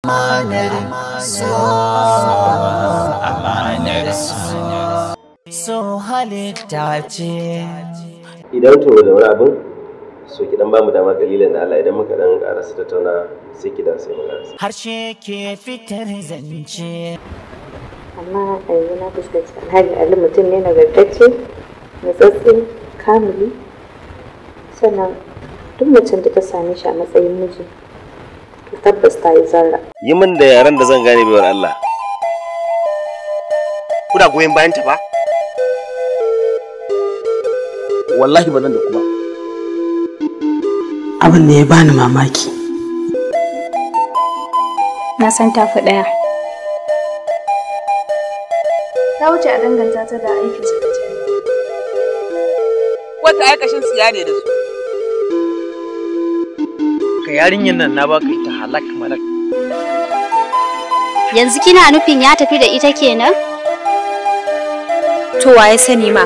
Idan to da wani abin so ki dan bamu dama kalilan da Allah idan muka dan ƙara su tattauna sai ki da sai mu Harshe ke fitar zance. Amma a na fuskanci alhali Ali mutum ne na na natsatsi, kamili, sannan duk mutum da ta same shi a matsayin miji. tabbas ta yi zarra yi min da yaran da zan gane baiwar Allah kuna goyon bayan ta ba wallahi ba nan da kuma abin da ya bani mamaki na san tafi ɗaya ta wuce a danganta ta da aikin sakatare wata aikashin siya ne da su Ka yarinyar nan na baka ita halak malak yanzu kina nufin ya tafi da ita kenan to waye sani ma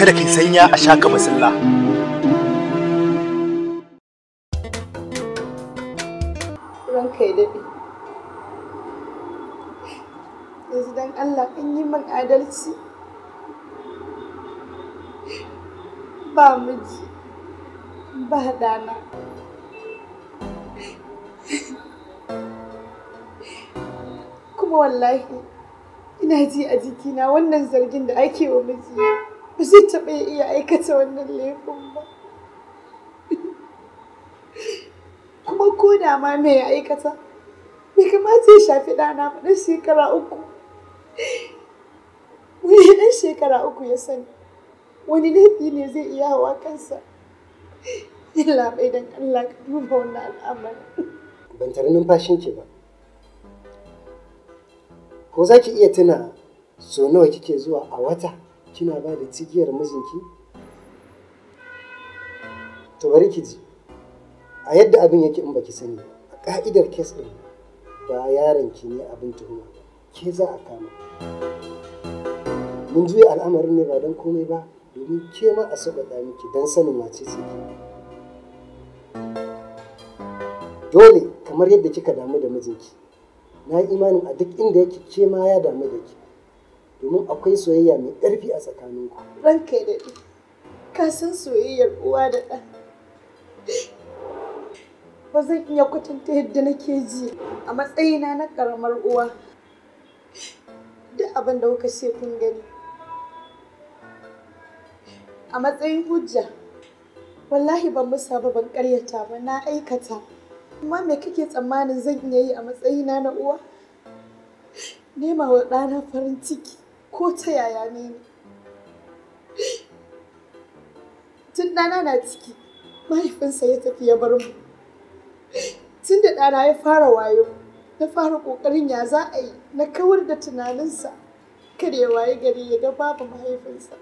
kada kai sanya a shaka masalla ranka ya daɗe yanzu don allah kan yi min adalci ba miji ba dana kuma wallahi ina ji a jikina wannan zargin da ake wa miji ba zai taɓa iya aikata wannan laifin ba kuma ko da ma mai aikata bai kamata ya shafi ɗana ba ɗan shekara uku wani ɗan shekara uku ya sani wani laifi ne zai iya hawa kansa Yalla bai dan Allah ka duba wannan al'amari. Ban tare numfashin ki ba. Ko za ki iya tuna so nawa kike zuwa a wata kina ba da cikiyar mijinki? To bari ki ji. A yadda abin yake in baki sani a ka'idar kes ɗin ba yaron ki ne abin tuhuma ke za a kama. Mun juya al'amarin ne ba don komai ba domin ke ma a sauƙaƙa miki don sanin wace ce dole kamar yadda kika damu da mijinki na yi imanin a duk inda yake ce ma ya damu da ki domin akwai soyayya mai ƙarfi a tsakaninku ranka da daɗi ka san soyayyar uwa da ɗa ba zan iya kwatanta yadda nake ji a matsayina na ƙaramar uwa duk abin da kuka ce kun gani a matsayin hujja wallahi ban musa ba ban ƙaryata ba na aikata Kuma me kake tsammanin zan iya yi a matsayina na uwa? Nema wa ɗana farin ciki ko ta yaya ne ne. Tun ɗana na ciki, mahaifinsa ya tafi ya bar mu. Tun da ɗana ya fara wayo, na fara ƙoƙarin ya za a yi na kawar da tunaninsa kada ya waye gari ya ga babu mahaifinsa.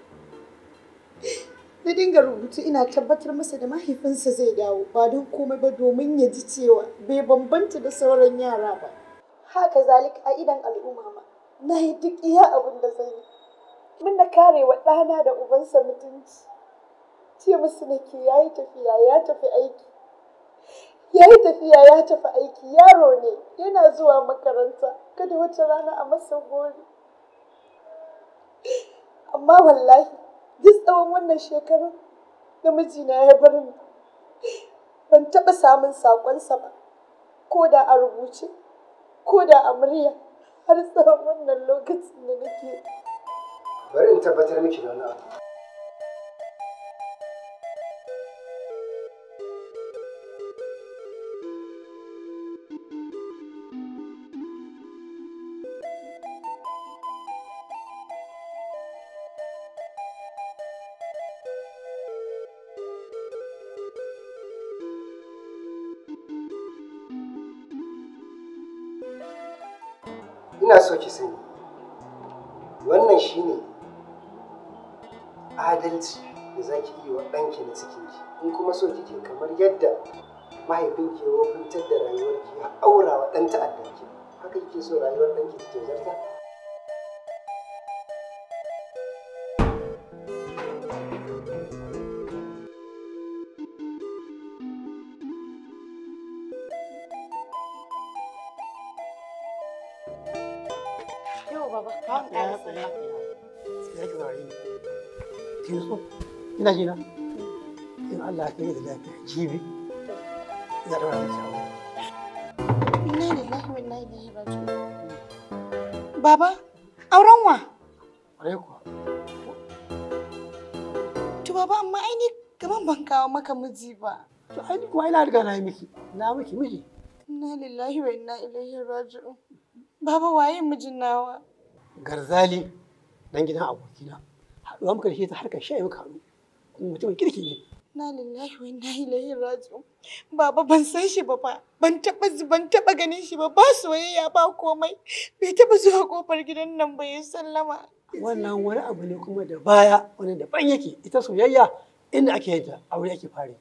na dinga rubutu ina tabbatar masa da mahaifinsa zai dawo ba don komai ba domin ya ji cewa bai bambanta da sauran yara ba haka zalik a idan al'umma ma na yi duk iya abin da zan yi min na kare wa ɗana da ubansa mutunci ce musu nake ya yi tafiya ya tafi aiki ya yi tafiya ya tafi aiki yaro ne yana zuwa makaranta kada wata rana a masa gori amma wallahi duk tsawon wannan shekarun da mijina ya bar ni ban taɓa samun saƙonsa ba ko da a rubuce ko da a murya har tsawon wannan lokacin da nake bari in tabbatar miki da wani abu ina so ki sani wannan shine adalci da zaki yi wa ɗanki na cikinki in kuma so kike kamar yadda mahaifinki ya wakantar da rayuwarki ya aura wa ɗan ta'addanki haka kike so rayuwar ɗanki ta zarta baba auren wa kuwa to baba amma ai ni gaban ban kawo maka miji ba to ai kuma ina riga na yi miki na miki miji inna lillahi wa inna ilaihi baba waye mijin nawa garzali dan gidan abokina haɗuwa muka da shi ta harkar sha'i muka haɗu kuma mutumin kirki ne na lillahi wa inna ilaihi raji'un baba ban san shi ba fa ban taba ban taba ganin shi ba ba soyayya ba komai bai taba zuwa kofar gidan nan ba ya sallama wannan wani abu ne kuma da baya wani ban yake ita soyayya inda ake yanta aure ake fare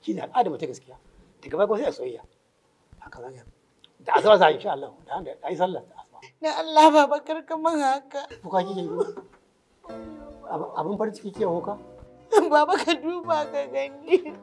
shi ne al'ada ta gaskiya daga baya kuma sai a soyayya haka zaka da azaba za a insha Allah da an da ai sallah Na Allah baba karka man haka. Kuka kike abin farin ciki kike hoka? Baba ka duba ka gani.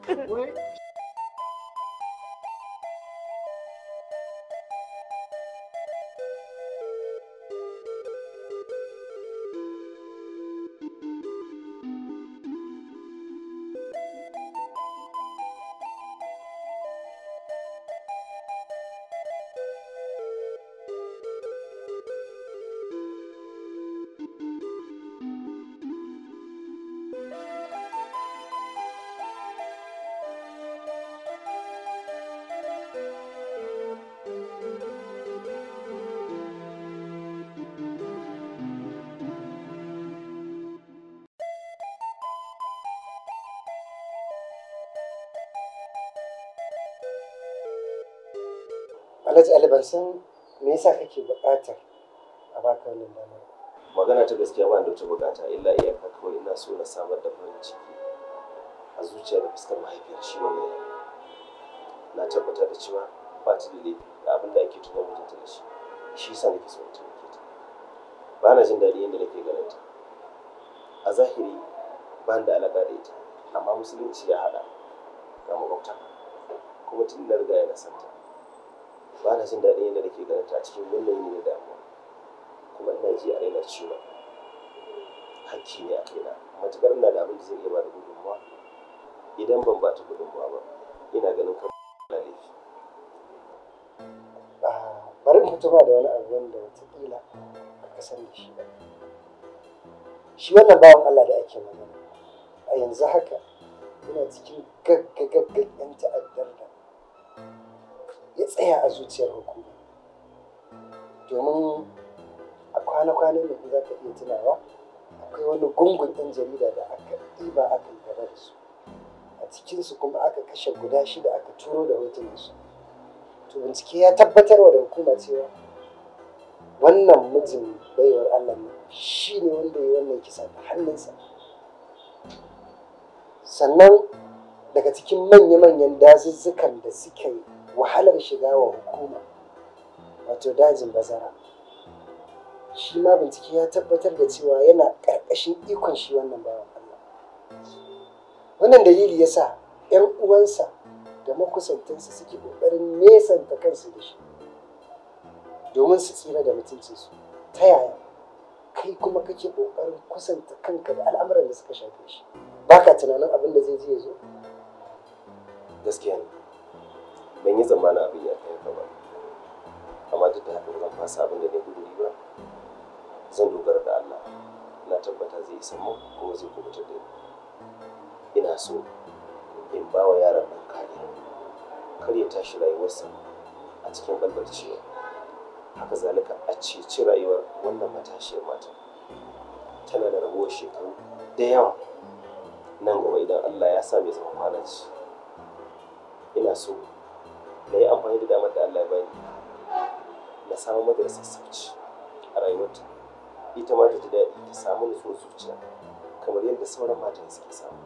alhaji aliban sun me yasa kake bukata a baka wannan dama magana ta gaskiya ba da wata bukata illa iyaka kawai ina so na samar da farin ciki a zuciya da fuskar mahaifiyar shi wannan yaro na tabbatar da cewa ba ta da laifi da abin da ake tuba mutunta da shi shi yasa nake so mutum ta ba na jin daɗi yadda nake ganin ta a zahiri ba da alaƙa da ita amma musulunci ya haɗa ga maƙwabta kuma tun da riga ya nasanta ba na jin daɗin yadda nake ganin ta cikin yanayi ne na damuwa kuma ina ji a raina cewa hakki ne a kaina Matukar ina da abin da zan iya ba da gudunmawa idan ban ba ta gudunmawa ba ina ganin kan na laifi ah, bari in fito ba da wani abu wanda wataƙila ka san da shi ba shi wannan bawan Allah da ake magana a yanzu haka yana cikin gaggagaggan ta'adda tsaya a zuciyar hukuma domin a kwana-kwanan da za ka iya tunawa akwai wani gungun ɗan jarida da aka ɗiba aka yi gaba da su a cikinsu kuma aka kashe guda shida aka turo da hotunansu to bincike ya tabbatar wa da hukuma cewa wannan mijin baiwar allah ne shi ne wanda ya wannan kisa da hannunsa sannan daga cikin manya-manyan dazuzzukan da suka yi wahalar shiga wa hukuma wato dajin bazara shi ma bincike ya tabbatar da cewa yana ƙarƙashin ikon shi wannan bawan Allah wannan dalili ya sa 'yan uwansa da makusantansa suke ƙoƙarin nesanta kansu da shi domin su tsira da mutuncinsu ta yaya kai kuma kake ƙoƙarin kusanta kanka da al'amuran da suka shafe shi baka tunanin abin da zai je ya zo gaskiya ne ban yi zamanin abin ya kai ka ba amma duk da haka ba zan fasa abin da na guri ba zan dogara da Allah na tabbata zai isa mu kuma zai kubutar da ina so in ba wa yaran nan kariya kar ya tashi rayuwarsa a cikin balbalcewa haka zalika a ceci rayuwar wannan matashiyar mata tana da rabuwar shekaru da yawa nan gaba idan Allah ya sa mai zama malaci ina so amfani da damar da Allah ya bani na samu mata da sassauci a rayuwarta ita ma ta ji daɗi ta samu nutsuwar zuciya kamar yadda sauran matan suke samu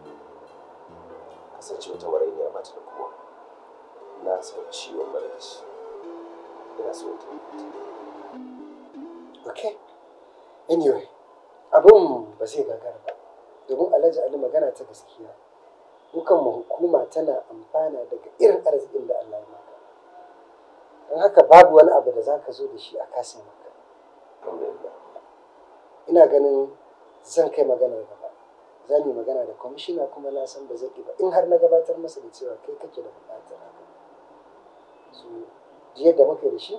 kasance wata marainiya ba ta da kowa na san ciwon maraici ina so ta okay anyway abun ba zai gagara ba domin alhaji ali magana ta gaskiya mu hukuma tana amfana daga irin arzikin da Allah ya In haka babu wani abu da za ka zo da shi a kasin maka ina ganin zan kai magana gaba za mu magana da kwamishina kuma na san ba zai ba in har na gabatar masa da cewa kai kake da bukatar haka Su jiya da muka da shi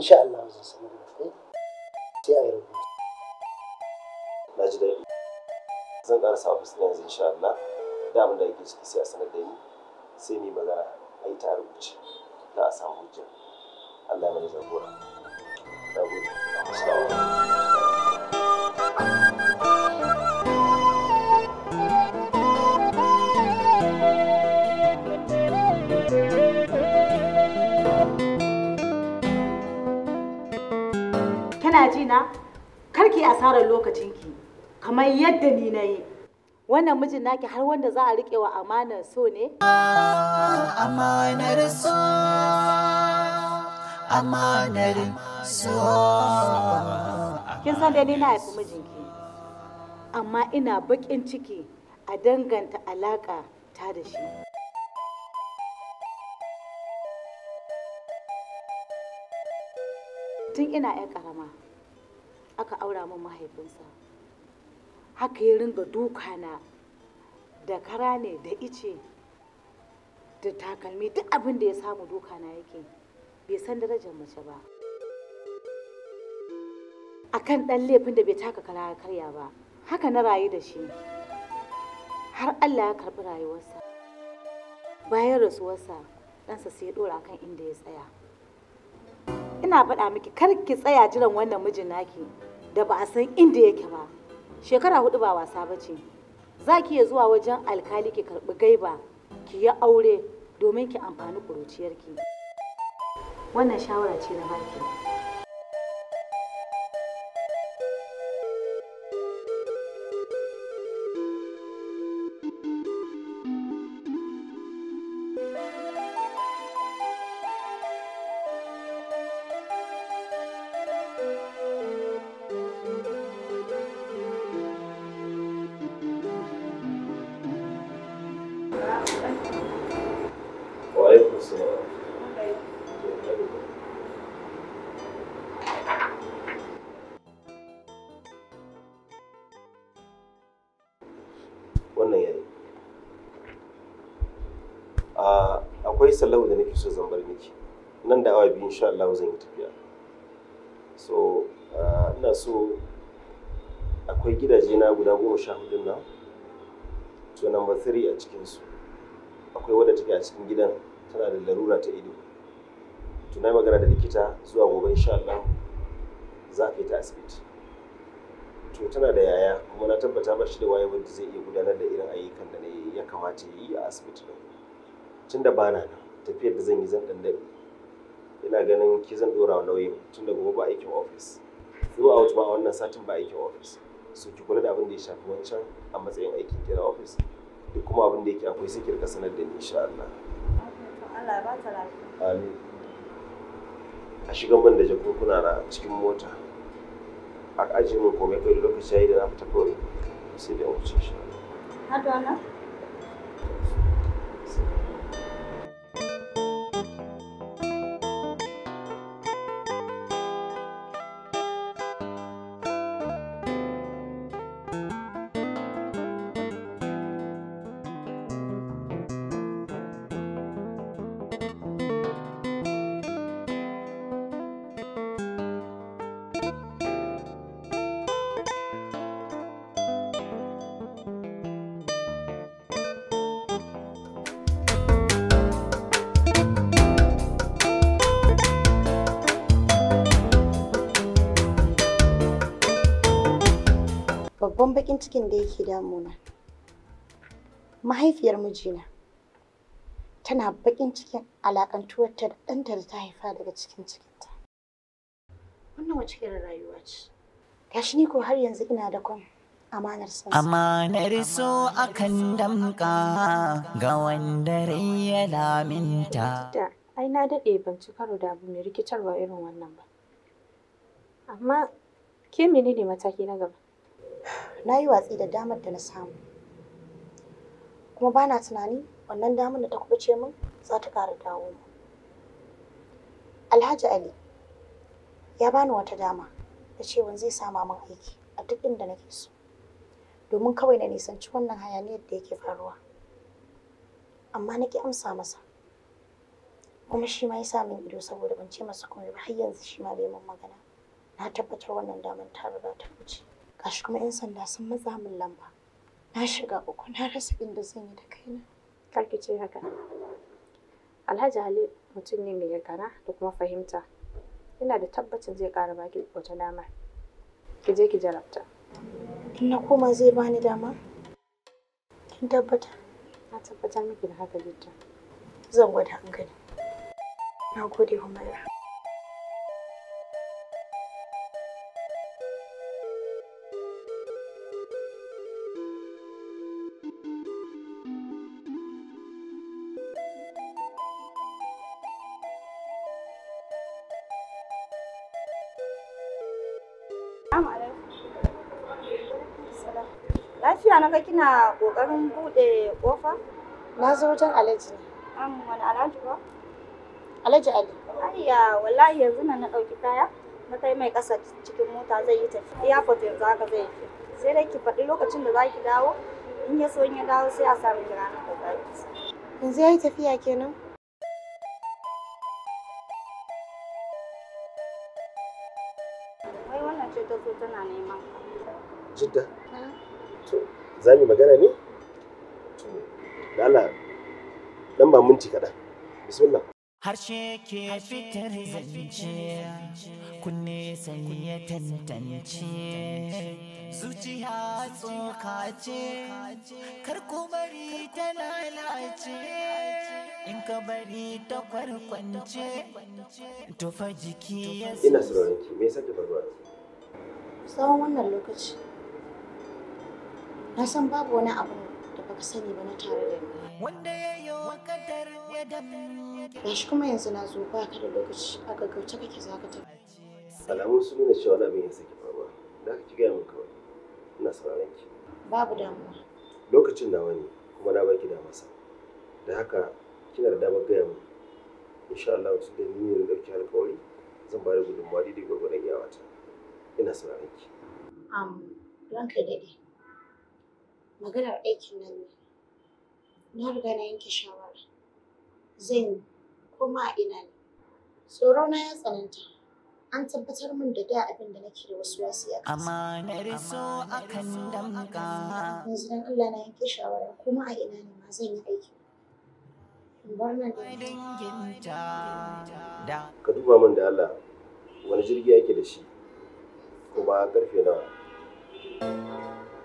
sha Allah zan sanar da kai sai a yi rubutu na ji daɗi zan ƙarasa ofis ɗin yanzu insha Allah da abin da yake ciki sai a sanar da ni sai mu magana a yi ta rubuce za a samu hujja Allah mana jagora na gode assalamu Kana ji na? Karki asarar lokacinki kamar yadda ni na yi. wannan mijin naki har wanda za a riƙe wa amanar so ne? Amanar so. amanar so kin san dai na haifi mijinki amma ina baƙin ciki a danganta alaƙa ta da shi tun ina 'yan karama aka aura min mahaifinsa haka ya ringa duka na da kara ne da ice da takalmi duk abin da ya samu duka na yake bai san darajar mace ba akan ɗan laifin da bai taka kara karya ba haka na rayu da shi har Allah ya karɓi rayuwarsa bayan rasuwarsa ɗansa sai ya ɗora kan inda ya tsaya ina faɗa miki kar ki tsaya jiran wannan mijin naki da ba a san inda yake ba shekara hudu ba wasa ba ce za ki iya zuwa wajen alkali ki karɓi gaiba ki yi aure domin ki amfani ƙuruciyarki. wannan shawara ce na baki sallama da nake so zan bar miki nan da awa biyu insha Allah zan yi tafiya so ah, ina so akwai gidaje na guda goma sha hudun nan to number three a cikinsu akwai wadda take a cikin gidan tana da larura ta ido to na magana da likita zuwa gobe insha Allah za ka yi ta asibiti to tana da yaya kuma na tabbata ba shi da waye wanda zai iya gudanar da irin ayyukan da ya kamata ya yi a asibiti tunda ba na nan tafiyar da zan yi zan dan daɗe ina ganin ki zan ɗora wa nauyin tun da gobe ba aikin ofis throughout a wannan satin ba aikin ofis so ki kula da abin da ya shafi wancan a matsayin aikin ki na ofis duk kuma abin da yake akwai sai ki rika sanar da ni insha Allah Allah ba ta lafiya amin a shigan ban da jakunkuna na cikin mota a ajiye min komai kai lokaci yayi da na fita kawai sai da wuce shi babban bakin cikin da yake damuna mahaifiyar mijina tana bakin cikin alakantuwar ta da ɗanta da ta haifa daga cikin cikinta. Wannan wace irin rayuwa ce? Gashi ni ko har yanzu ina da kwan amanar san Amanar so akan damƙa ga wanda rai ya laminta. Da, ai na daɗe ban ci karo da abu mai rikitarwa irin wannan ba. Amma ke menene mataki na gaba? Na yi watsi da damar da na samu. Kuma ba na tunani wannan damar da ta kubuce min za ta ƙara dawo mu alhaji ali ya bani wata dama da cewa zai sama min aiki a duk inda nake so domin kawai na nisanci wannan hayaniyar da yake faruwa amma na ƙi amsa masa kuma shi ma ya sa min ido saboda ban ce masa komai ba har yanzu shi ma bai min magana na tabbatar wannan damar ta riga ta wuce gashi kuma 'yan sanda sun matsa min lamba na shiga uku na rasa inda zan yi da kaina ki ce haka alhaji ali mutum ne mai yarkana da kuma fahimta ina da tabbacin zai ƙara baki wata dama ki je ki jarabta na koma zai bani dama kin tabbata na tabbatar miki da haka zan gwada hankali na gode humaira Lafiya na ga kina kokarin bude kofa? Na zo wajen Alhaji. Am wani Alhaji ba? Alhaji Ali. Ariya wallahi yanzu na, na dauki kaya na kai mai kasa cikin mota zai yi tafi. Ya fito yanzu haka zai yi. Sai dai ki faɗi lokacin da za ki dawo in ya so in ya dawo sai a samu kira na kokari. Yanzu ya yi tafiya kenan? za mu magana ne da Allah dan ba minti kaɗan bismillah harshe ke fitar zance kunne sai ya tantance zuciya tsoka ce kar ku bari ta lalace in ka bari ta kwarkwance tufa jiki ya ina sauraron ki me yasa ki faruwa tsawon wannan lokaci na san babu wani abu da baka sani ba na tare da ni wanda ya yi wa kadar ya damu shi kuma yanzu na zo ba ka da lokaci a gaggauce kake za ka tafi alamun sun nuna cewa wani abin ya saki faruwa da ka ki gaya min kawai ina sauraron ki babu damuwa lokacin nawa ne kuma na baki da masa da haka kina da damar gaya min insha Allah tun da ni ne na ɗauki alƙawari zan ba da gudunmawa daidai gwargwadon yawata ina sauraron ki. Um, ranka daɗe. maganar aikin nan ne na riga na yanke shawara zan yi kuma a ina ne tsoro na ya tsananta an tabbatar min da da abin da nake da wasu wasu ya kasa yanzu dan Allah na yanke shawara kuma a ina ne ma zan yi aiki ka duba min da Allah wani jirgi yake da shi kuma karfe nawa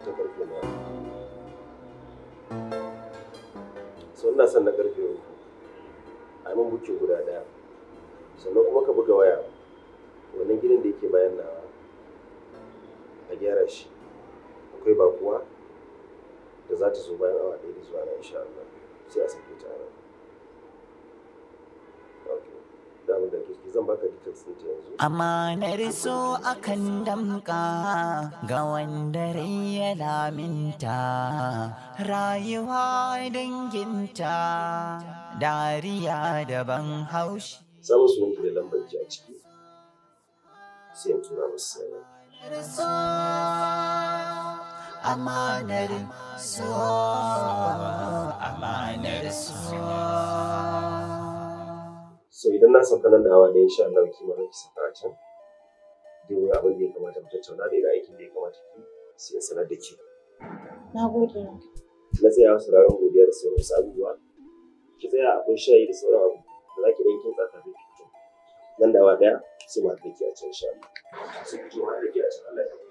ta karfe nawa ina son na karfe uku a min bukin guda ɗaya, sannan kuma ka buga waya wannan ginin da yake bayan na a gyara shi akwai bakuwa da za ta zo bayan awa ɗaya da zuwa na insha Allah sai a sake ta damu da ke zan baka ta yanzu amanar so akan damka ga wanda rai ya laminta rayuwa danginta dariya daban haushi samun sunan ki da lambar ki a ciki sai in tura masu sanar amanar so amanar so so idan na sauka nan da hawa ɗaya insha Allah ki ma ki sauka a can duk wani abin da ya kamata mu tattauna da aikin da ya kamata ki sai sanar da ke. Na gode. Na tsaya a sauraron godiya da sauran sabuwa. Ki tsaya akwai shayi da sauran abu da za ki ɗan kin tsaka da fito. Nan da hawa ɗaya su ma da ke a can insha Allah. su ki ma da ke a can Allah ya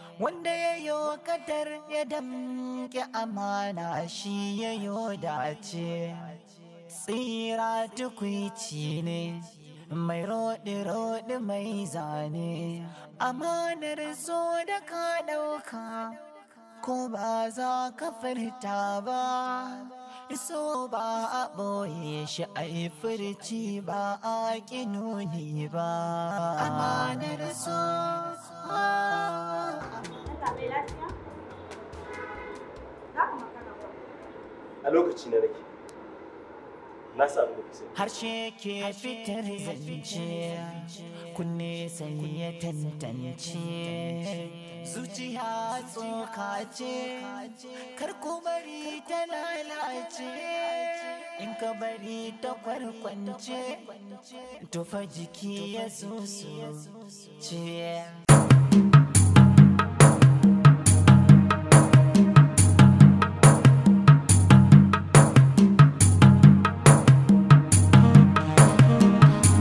wanda ya yi kadar ya damke amana shi ya yi dace tsira tukwici ne mai roɗi-roɗi mai zane amanar zo da ka ɗauka ko ba za ka furta ba iso ba a ɓoye shi a yi furci ba a ƙi nuni ba amanar so a lokaci na nake harshe ke fitar zance kunne sai ya tantance zuciya tsoka ce kar ku bari ta lalace in ka bari ta kwarkwance tufa jiki ya zuzu ce